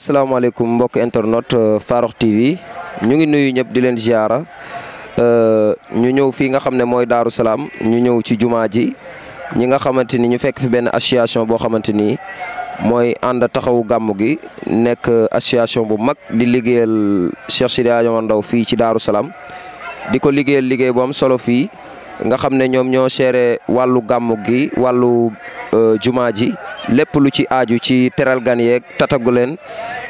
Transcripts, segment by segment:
salaamaaleykum mbokk internet euh, Farokh TV ñu ngi nuyu ñëpp di leen ziara euh, ñu ñëw fii nga xam ne mooy Daaru Salaam ñu ñëw ci jumaa ji ñi nga xamante ni ñu fekk fi benn association boo xamante ni mooy ànd taxawu gàmmu gi nekk association bu mag di liggéeyal Cheikh Sidi Ndaw fii ci Daaru Salaam di ko liggéeyal liggéey bu am solo fii nga xamne ñom ñoo seere walu gamu gi walu euh, jumaa ji lépp lu ci aaju ci teral gan yeek tatagu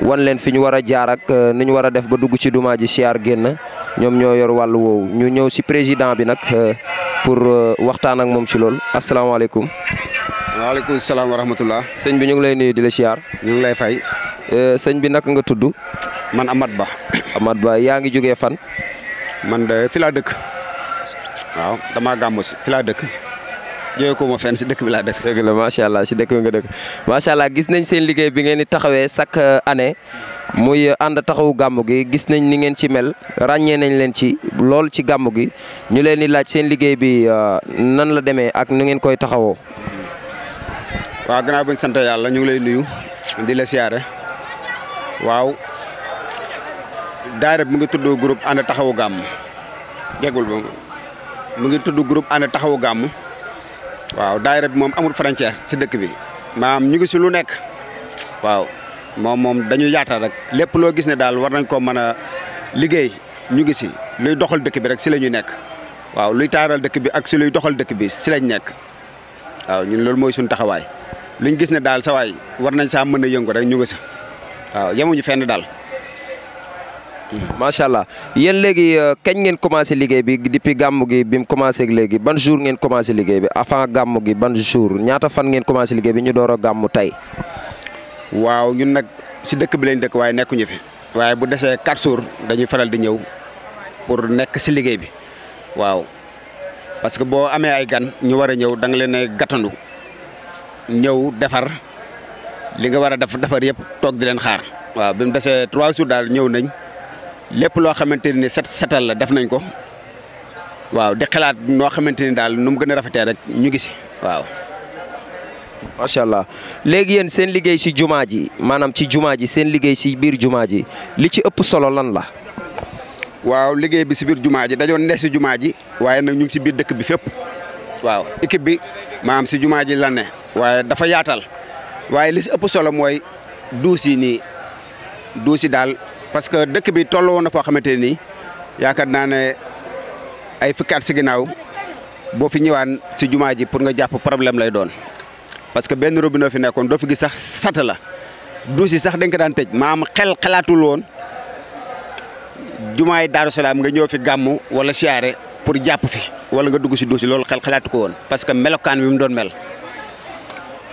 wan len fiñu wara jaar ak euh, niñu wara def ba dugg ci jumaa ji siyaar génn ñoo yor walu woowu ñu ñew si président bi nak euh, pour waxtaan ak lool si alaykum wa alaykum assalam wa rahmatullah. señ bi ñu ngi lay nuyu di la siar ñu ngi lay fay. señ bi nak nga tuddu man Amad Ba. Amad Ba yaangi joge fan. man de fi la dekk waaw dama gàmmu si fi laa dëkk jóge ko ma fenn si dëkk bi laa dëkk. dëgg la macha allah si dëkk bi nga dëkk macha allah gis nañ seen liggéey bi ngeen di taxawee chaque euh, année muy euh, ànd taxawu gàmmu gi gis nañ ni ngeen ci mel ràññee nañ leen ci lool ci gàmmu gi ñu leen di laaj seen liggéey bi euh, nan la demee ak nu ngeen koy taxawoo. wa gannaaw bañ sant yàlla ñu ngi lay nuyu di la siyaare waaw daayira bi mu ngi tudd groupe ànd taxawu gàmmu jegul ba mu ngi tudd groupe ànd taxawu gàmmu waaw daayira bi moom amul frontière si dëkk bi maam ñu ngi si lu nekk waaw moom moom dañu yaatal rek lépp loo gis ne daal war nañ koo mën a liggéey ñu ngi si luy doxal dëkk bi rek si la ñu nekk waaw luy taaral dëkk bi ak si luy doxal dëkk bi si lañ nekk waaw ñun loolu mooy suñ taxawaay luñ gis ne daal sawaay war nañ saa mën a yëngu rek ñu ngi sa waaw yemuñu fenn daal. macha allah yéen léegi euh, kañ ngeen commencé liggéey bi depuis gàmm gi bi mu commencé ak léegi ban jour ngeen commencé liggéey bi afan gàmm gi ban jour ñaata fan ngeen commencé liggéey bi ñu door a gàmm tey. waaw ñun nag si dëkk bi leen dëkk waaye nekkuñu fi waaye bu desee quatre jours dañuy faral di ñëw pour nekk si liggéey bi waaw parce que boo amee ay gan ñu war a ñëw da nga leen a gàttandu ñëw defar li nga war a def defar yëpp toog di leen xaar. waaw bi mu desee trois jours daal ñëw nañ. lépp loo xamante ni set setal la def nañ ko waaw di xalaat noo xamante ni daal nu mu gën a rafetee rek ñu ngi si waaw. macha allah léegi yéen seen liggéey si jumaa ji maanaam ci jumaa ji seen liggéey si biir jumaa ji li ci ëpp solo lan la. waaw liggéey bi si biir jumaa ji dañoo ne si jumaa ji waaye nag ñu si biir dëkk bi fépp waaw équipe bi maanaam si jumaa ji la ne waaye dafa yaatal waaye li ci ëpp solo mooy duus yi nii duus yi daal. parce que dëkk bi tollu woon na foo xamante nii yaakaar naa ne ay fukkat ci si bo fi ñëwaan ci jumaa ji pour nga japp problème lay doon parce que ben robino fi nekkon do fi gi sax sata la duusi sax dëng ka daan tej maam xel xalatul won jumaay daru salam nga ñëw fi gamu wala siaré pour japp fi wala nga dugg si duusi lool xel xalaatu ko woon parce que melokan bi mu doon mel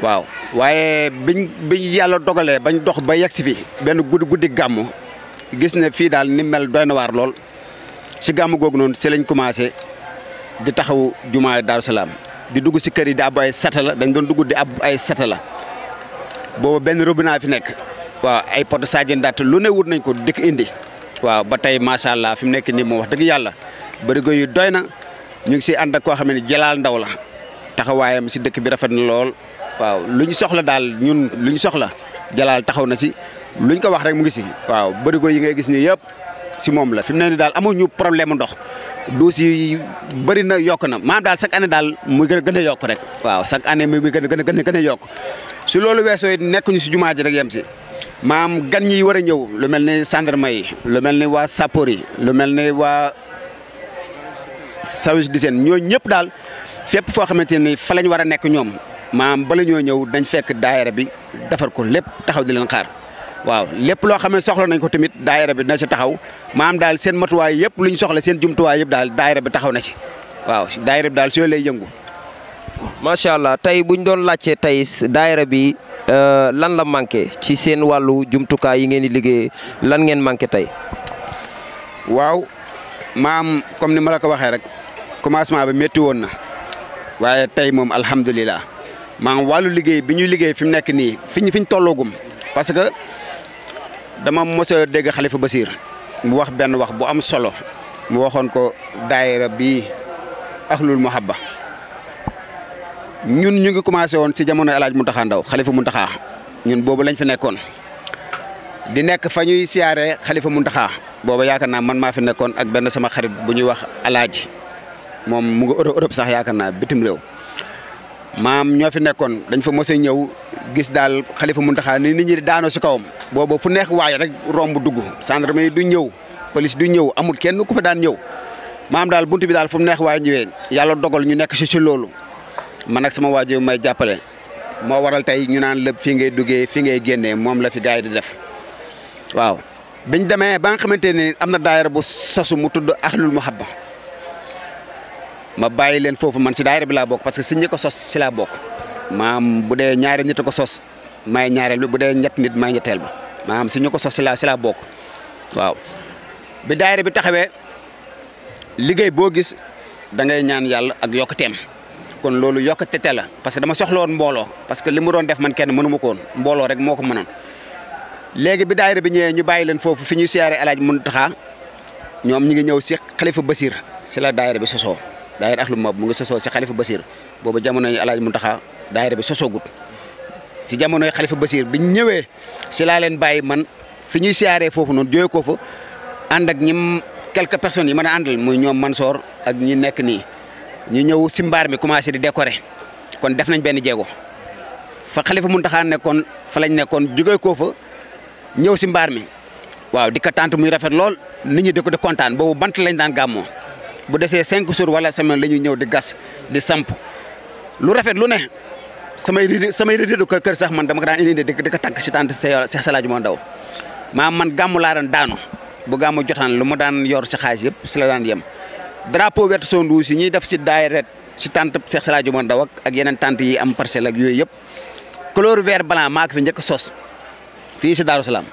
waaw waye biñ biñ yalla dogalé bañ dox ba yegg si fi ben gudi gudi gamu gis ne fii dal ni mel doyna war lol ci gam gog non ci lañ commencé di taxaw juma dar salam di dugg ci kër yi di ab ay dañ doon dugg di ab ay satala la ben robina fi nek wa ay porte Sadio Ndatt lu ne wut nañ ko dik indi wa ba ma sha allah fi nek ni mo wax yu doyna ñu ngi si and ak ko xamni jalal ndaw la taxawayam ci wah bi rafet na lool waaw luñu soxla dal ñun luñu soxla jalal taxaw na si lu luñ ko wax rek mu ngi si waaw bërigo yi ngay gis nii yëpp si moom la fi mu ne ni daal ñu problème ndox duus si bari na yokk na maanaam daal chaque année daal muy gën a yokk rek waaw chaque année muy gën a gën a gën a gën a yokk si loolu weesoo it nekkuñu si jumaa ji rek yem si maam gan ñi war a ñëw lu mel ni gendarme yi lu mel ni waa sapor yi lu mel ni waa service d'hygiène ñooñ ñëpp daal fépp foo xamante ni fa lañ war a nekk ñoom maam bala ñoo ñëw dañ fekk daayira bi defar ko lépp taxaw di leen xaar waaw lepp lo xam ne soxla nañ ko tamit daayira bi na ci taxaw maam daal seen matuway yep luñ soxla seen jumtuway yep daal daayira bi taxaw na ci waaw daayira bi daal so lay yëngu. sha allah tay buñ doon laccé tay daayira bi euh, lan la manké ci seen walu jumtuka yi ngeen di liggé lan ngeen manké tay waaw maam comme ni mala ko waxé rek commencement bi metti won na waye tay mom alhamdullilah ma walu liggé biñu liggé fim nek ni fiñ fiñ fi parce que. dama mos a dégg Khalifa Bassir mu wax benn wax bu am solo mu waxoon ko daayira bi ahlul muhabba ñun ñu ngi commencé woon si jamonoy El Hadj Mountakha xalifa mun Mountakha ñun boobu lañ fi nekkoon di nekk fa ñuy siyaaree Khalifa Mountakha booba yaakaar naa man maa fi nekkoon ak benn sama xarit bu ñuy wax El Hadj moom mu nga Europe Europe sax yaakaar naa bitim réew. maam ñoo fi nekkoon dañ fa mos ñëw gis daal xalifa Muntaxa ni nit ñi daanoo si kawam. booba fu neex waaye rek romb dugg yi du ñëw police du ñëw amul kenn ku fa daan ñëw maam daal bunt bi daal fu mu neex waaye ñëwee yàlla dogal ñu nekk si si loolu man ak sama waajur may jàppale. moo waral tey ñu naan lépp fii ngay duggee fii ngay génnee moom la fi gars di def waaw biñ demee ba nga xamante ne am na daayira bu sosu mu tudd Ahlul Muhabba ma bayi len fofu man ci daayira bi la bok parce que ko sos ci la bok maam budé ñaari nit ko sos may ñaareel bi bu nit may ñettel ba maam suñu ko sos ci la ci la bok waaw. bi daayira bi taxawé liggéey bo gis da ngay ñaan yalla ak yokkuteem kon loolu yokkute la parce que dama soxla won mbolo parce que limu mu doon def man kenn mënu mako won mbolo rek moko mënon légui bi daayira bi ñëw ñu bayi len fofu fiñu ñuy siyaare alaaj Muntaxa ñi ngi ñëw ci khalifa Basir ci la daayira bi soso daayira Ahlul Mab mu ngi sosoo si xalifa Basir boobu jamono yi Alaaji Muntaxa daayira bi sosoogut si jamonoy xalifa Basir biñ ñëwee si laa leen bàyyi man fi ñuy siyaaree foofu noonu jóge ko fa ànd ak ñim quelques personnes yi mën a àndal muy ñoom Mansoor ak ñi nekk nii ñu ñëw si mbaar mi commencé di décorer kon def nañ benn jéego fa xalifa Muntaxa nekkoon fa lañ nekkoon jóge ko fa ñëw si mbaar mi waaw di ko tànt muy rafet lool nit ñi di ko di kontaan boobu bant lañ daan gàmmoo. bu déssé 5 jours wala semaine lañu ñëw di gas di samp lu rafet lu né samay samay rédé du kër sax man dama ko daan indi di ko tànk si tànt Seex Salaaju mo ndaw ma man gamu la daan daanu bu gamu jotan lu mu daan yor ci xaj yëpp ci la daan yem drapeau vert son dou ci ñi def ci daayira ci tante Seex Salaaju mo ndaw ak yenen tante yi am parcelle ak yoy yëpp couleur vert blanc ma ko fi ñëk sos fi ci daru salam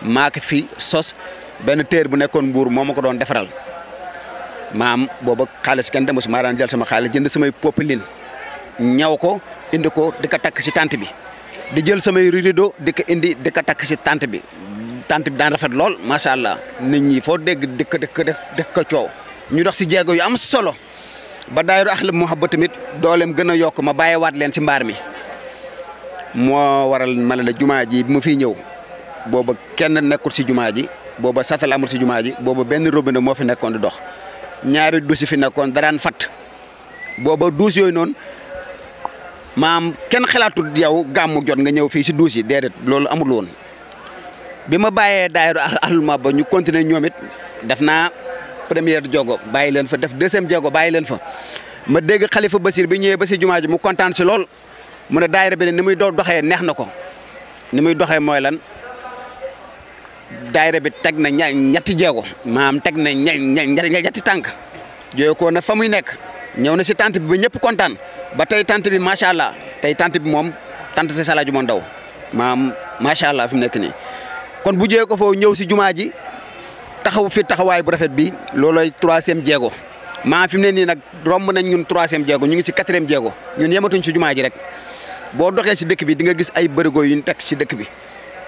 ma ko fi sos ben terre bu nekkoon mbuur momako ma doon defaral maam booba xaalis kenn dama su maa daan jël sama xaalis jënd samay popeline ñaw ko indi ko di ko takk si tànt bi di jël samay rideau di ko indi di ko takk si tànt bi tante bi daan rafet lool macha allah nit ñi foo dégg di ko di ko ko coow ñu dox si jéego yu am solo ba daayiru Ahlul Muhabba tamit dooleem gën a yokk ma bàyyiwaat leen si mbaar mi moo waral ma ne la jumaa ji bi ma fiy ñëw booba kenn nekkul si jumaa ji booba satal amul si jumaa ji booba benn robinet moo fi nekkoon di dox ñaari duus fi nekkoon daraan fat booba duus yooyu noonu maam kenn xalaatut yow gàmmu jot nga ñëw fii si duus yi déedéet loolu amul woon bi ma bàyyee daay daayiru Ahlul Maba ba ñu continuer ñoom it def naa première jogo bàyyi leen fa def deuxième jogo bàyyi leen fa ma dégg xalifa Basir bi ñëwee ba si jumaa ji mu kontaan si lool mu ne daayira bi ne ni muy doxee neex na ko ni muy doxee mooy lan daayira bi teg na ña ñetti jéego maam teg na ña ñetti tànk jooy ko na fa muy nekk ñëw na si tànt bi ba ñëpp kontaan ba tey tante bi macha allah tey tante bi moom tante sa salaa ju moon daw maam macha allah fi mu nekk nii. kon bu jee ko foofu ñëw si jumaa ji taxaw fi taxawaay bu rafet bi loolooy troisième jéego maa fi mu ne nii nag romb nañ ñun troisième jéego ñu ngi si quatrième jéego ñun yematuñ si jumaa ji rek boo doxee si dëkk bi di nga gis ay bërigo yu ñu teg si dëkk bi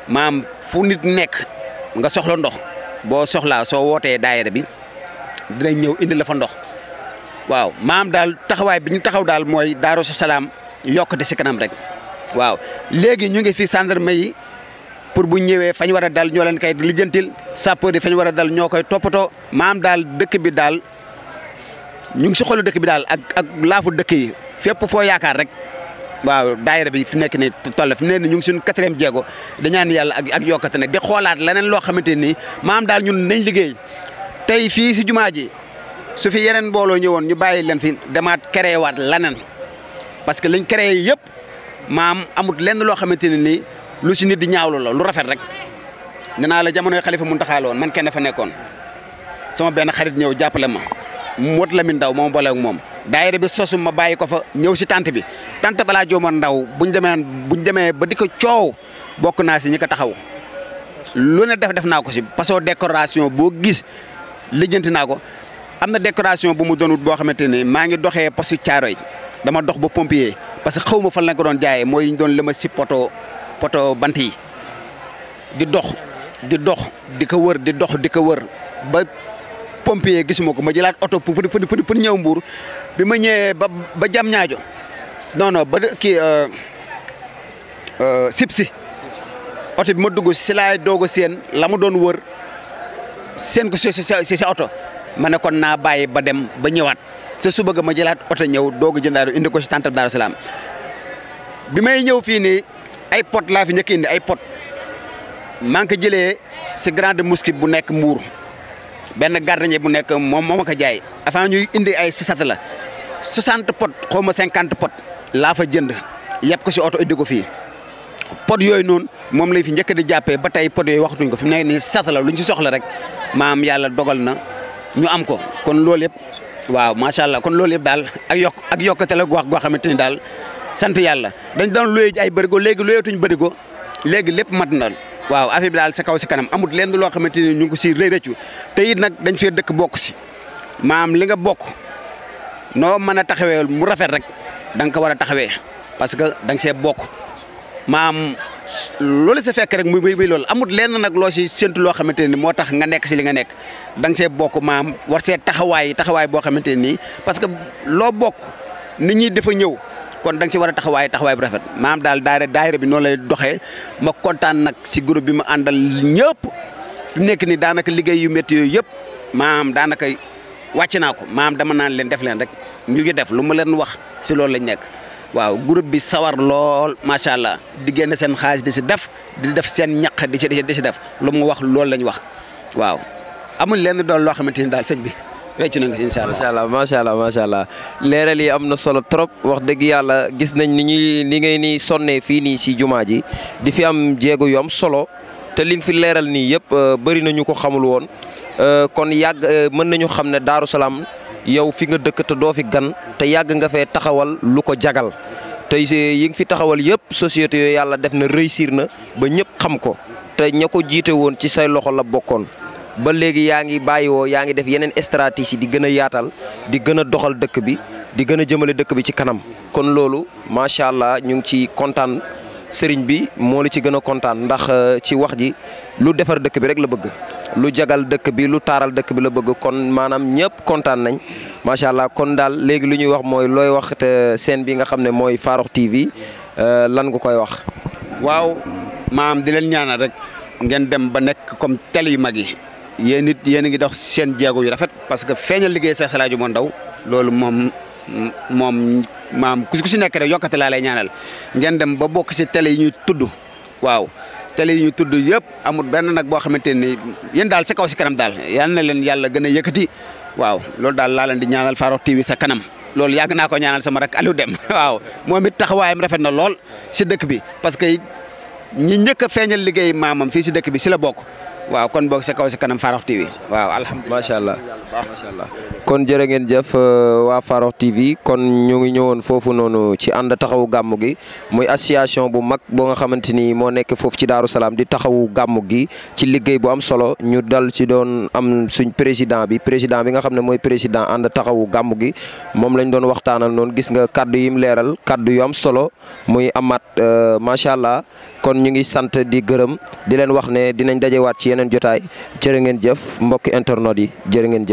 maam nit nekk. nga soxla ndox boo soxlaa soo wootee daayira bi dinañ ñëw indi la fa ndox waaw maam daal taxawaay bi ñu taxaw daal mooy Daaru Salaam yokkute si kanam rek waaw léegi ñu ngi fi gendarme yi pour bu ñëwee fañ war a dal ñoo leen koy lijjantil sapeur yi fañ war a dal ñoo koy toppatoo maam daal dëkk bi daal ñu ngi si xolu dëkk bi daal ak ak laafu dëkk yi fépp foo yaakaar rek waaw daayira bi fi nek ni toll fi nee ni ñu ngi suñu djego jéego ñaan yalla ak ak yokkate ne di xolaat leneen lo xamanteni maam daal ñun nañ liggey tay fi si jumaa ji su fi yeneen bolo ñewon ñu bayyi leen fi demaat créer waat leneen parce que liñ créer yépp maam amut len lo xamanteni ni lu ci nit di ñaawlu la lu rafet rek nee la jamono khalifa muntaha lawon man kenn fa nekkon sama ben xarit ñew jappale ma mot lamine daw mom boole ak daayira bi sosuma bàyyi ko fa ñëw si tànt bi tant balaa jooma ndaw buñ demee buñ demee ba di ko coow bokk naa si ñi ko taxaw lu ne def def naa ko si parce que décoration boo gis lijjanti naa ko am na décoration bu mu doonut boo xamante ni maa ngi doxee poste caaro yi dama dox ba pompier parce que xaw ma fan lañ ko doon jaayee mooy ñu doon lëma si poto poto bant yi di dox di dox di ko wër di dox di ko wër ba. pompier gis ko ma jilat auto pour pour pour pour ñew mbuur bi ma ñëwee ba ba jam ñaajo non non ba euh, euh, sipsi oto bi ma dugg si laay doog sen seen la mu doon wër sen ko ci ci ci auto mané kon na baye ba dem ba ñewat sa su bëgg ma jilat auto ñew doog jëndaru indi ko ci tante daaru salam bi may ñëw fii ay pot la fi ñëk indi ay pot manke jëlé grande mosquée bu nek Mbour benn gardien bu nekk moom moo ma ko jaay avant ñuy indi ay sasat la 60 pot xaw ma 50 pot laa fa jënd yeb ko si oto indi ko fii pot yooyu noonu moom lay fi njëkk di jàppee ba tey pot yooyu waxatuñ ko fi mu nekk nii sasat la ñu si soxla rek maam yàlla dogal na ñu am ko kon loolu yëpp waaw macha allah kon loolu yëpp daal ak yokk ak yokkate la wax goo xamante ni daal sant yàlla dañ doon luye ji ay bërigo léegi luyeetuñ bërigo léegi lépp mat na waaw affaire bi sa kaw si kanam amut lenn lo xamanteni ñu ko ci reey reccu te yit nak dañ fi dekk bokk ci maam li nga bokk no meuna a mu rafet rek dang ko wara taxawé parce que dang sé see maam lolé sa fekk rek muy muy muy lol amut lenn nag lo si sentu lo xamanteni ni tax nga nek si li nga nek dang sé bok maam war sé taxaway taxaway bo xamanteni parce que lo bokk nit ñi dafa ñew kon da nga ci war a taxawaay taxawaay bu rafet maanaam daal daare daayira bi noonu lay doxee ma kontaan nag si groupe bi ma àndal ñëpp fi nekk nii daanaka liggéeyu yu yooyu yëpp maam daanaka wàcc naa ko maam dama naan leen def leen rek ñu ngi def lu ma leen wax si loolu lañ nekk. waaw groupe bi sawar lool macha allah di génn seen xaalis di si def di def seen ñaq di si di si def lu mu wax loolu lañ wax waaw amul leen dool loo xamante ni daal sëñ bi. fecc nañ ko si incha allah macha allah macha allah leeral yi am na solo trop wax dëgg yàlla gis nañ ni ñuy ni ngay ni sonnee fii nii si jumaa ji di fi am jéego yoom solo te li nga fi leeral nii yëpp euh, bëri na ñu ko xamul woon euh, kon yàgg euh, mën nañu xam ne Daaru Salaam yow fi nga dëkk te doo fi gan te yàgg nga fee taxawal lu ko jagal te yi nga fi taxawal yëpp société yoo yàlla def na réussir na ba ñëpp xam ko te ña ko jiite woon ci say loxo la bokkoon. ba legui yaangi bayiwo yaangi def yenen stratégie di gëna yaatal di gëna doxal dëkk bi di gëna jëmele dëkk bi ci kanam kon ma sha allah ñu ngi ci contane sëriñ bi mo la ci gëna contane ndax euh, ci wax ji lu defar dëkk bi rek la bëgg lu jagal dëkk bi lu taral dëkk bi la bëgg kon manam ñëpp contane nañ sha allah kon dal legui lu ñuy wax moy loy wax te seen bi nga xamne ne Farokh TV euh, lan nga koy wax. waw maam di len ñaanal rek ngeen dem ba nek comme télé yéen nit yéen ngi dox seen jéego yu rafet parce que feñal liguey cheikh Salaaju moo ndaw loolu mom moom maam kusi si nekk rek yokkate la lay ñaanal ngeen dem ba bok si télé yi ñuy tuddu waaw télé yi ñu tudd yëpp amul ben nak bo xamanteni ni dal ci si kaw ci kanam dal yal na leen yalla gëna yëkëti waaw lolou dal la leen di ñaanal faro TV sa kanam Lol yag na ko ñaanal sama rak alu dem waaw momit taxawayam rafet na lol si dëkk bi parce que ñi ñëk feñal feeñal mamam fi ci si dëkk bi ci la bok waaw kon boog sa kaw sa kanam Farokh TV waaw alhamdulilah allah macha allah kon jere ngeen jëf euh, wa faro TV kon ñu ngi ñëwoon fofu nonu ci and taxawu gamu gi muy association bu mag bo nga xamanteni mo nekk ci daru salam di taxawu gamu gi ci liggey bu am solo ñu dal ci doon am suñ president bi president bi nga xamne moy president and taxawu gamu gi mom lañ doon waxtaanal non gis nga kaddu yim leeral kaddu yu am solo muy amat euh, machallah kon ñu ngi sante di gërem di len wax ne dinañ wat ci yenen jotaay jere ngeen jëf mbokk internet yi jere ngeen